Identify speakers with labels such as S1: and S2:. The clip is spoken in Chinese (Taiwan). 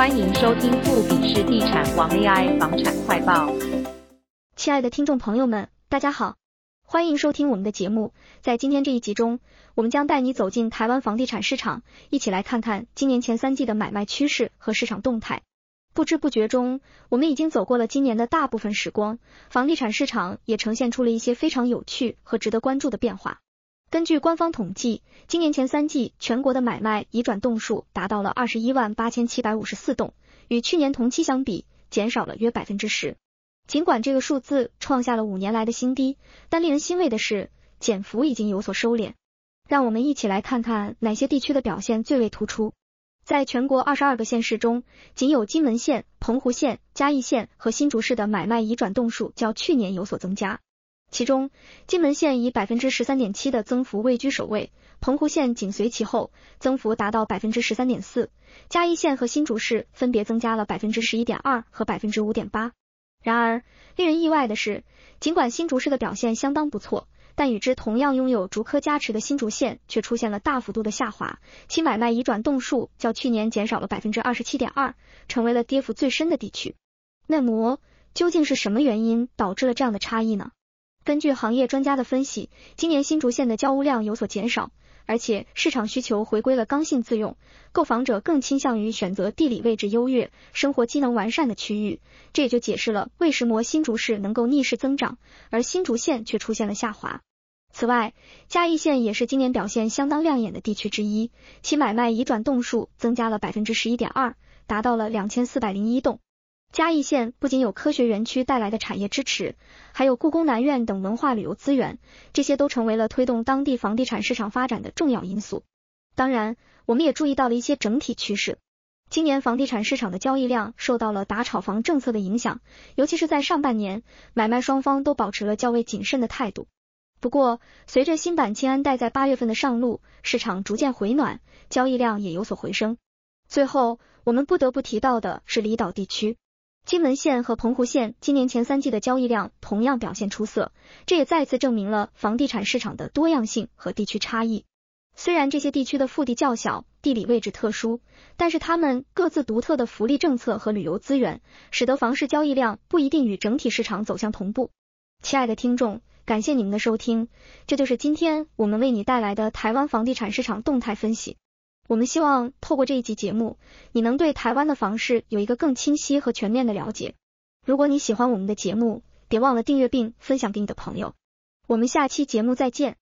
S1: 歡迎收聽富比士地產王 AI 房產快報。親愛的聽眾朋友們，大家好，歡迎收聽我們的節目。在今天這一集中，我們將帶你走進台灣房地產市場，一起來看看今年前三季的買賣趨勢和市場動態。不知不覺中，我們已經走過了今年的大部分時光，房地產市場也呈現出了一些非常有趣和值得關注的變化。根據官方統計，今年前三季全國的買賣移轉棟數達到了二十一萬八千七百五十四棟，與去年同期相比減少了約百分之十。儘管這個數字創下了五年來的新低，但令人欣慰的是，減幅已經有所收斂。讓我們一起來看看哪些地區的表現最為突出。在全國二十二個縣市中，僅有金門縣、澎湖縣、嘉義縣和新竹市的買賣移轉棟數較去年有所增加。其中，金門縣以百分之十三點七的增幅位居首位，澎湖縣緊隨其後，增幅達到百分之十三點四。嘉義縣和新竹市分別增加了百分之十一點二和百分之五點八。然而，令人意外的是，儘管新竹市的表現相當不錯，但與之同樣擁有竹科加持的新竹縣卻出現了大幅度的下滑，其買賣移轉棟數較去年減少了百分之二十七點二，成為了跌幅最深的地區。那麼究竟是什麼原因導致了這樣的差異呢？根據行業專家的分析，今年新竹縣的交屋量有所減少，而且市場需求回歸了剛性自用，購房者更傾向於選擇地理位置優越、生活機能完善的區域。這也就解釋了為什麼新竹市能夠逆勢增長，而新竹縣卻出現了下滑。此外，嘉義縣也是今年表現相當亮眼的地區之一，其買賣移轉棟數增加了百分之十一點二，達到了兩千四百零一棟。嘉義縣不僅有科學園區帶來的產業支持，還有故宮南院等文化旅遊資源，這些都成為了推動當地房地產市場發展的重要因素。當然，我們也注意到了一些整體趨勢。今年房地產市場的交易量受到了打炒房政策的影響，尤其是在上半年，買賣雙方都保持了較為謹慎的態度。不過，隨着新版青安貸在八月份的上路，市場逐漸回暖，交易量也有所回升。最後，我們不得不提到的是離島地區。金門縣和澎湖縣今年前三季的交易量同樣表現出色，這也再次證明了房地產市場的多樣性和地區差異。雖然這些地區的腹地較小，地理位置特殊，但是他們各自獨特的福利政策和旅遊資源，使得房市交易量不一定與整體市場走向同步。親愛的聽眾，感謝你們的收聽，這就是今天我們為你帶來的台灣房地產市場動態分析。我們希望透過這一集節目，你能對台灣的房市有一個更清晰和全面的了解。如果你喜歡我們的節目，別忘了訂閱並分享給你的朋友。我們下期節目再見。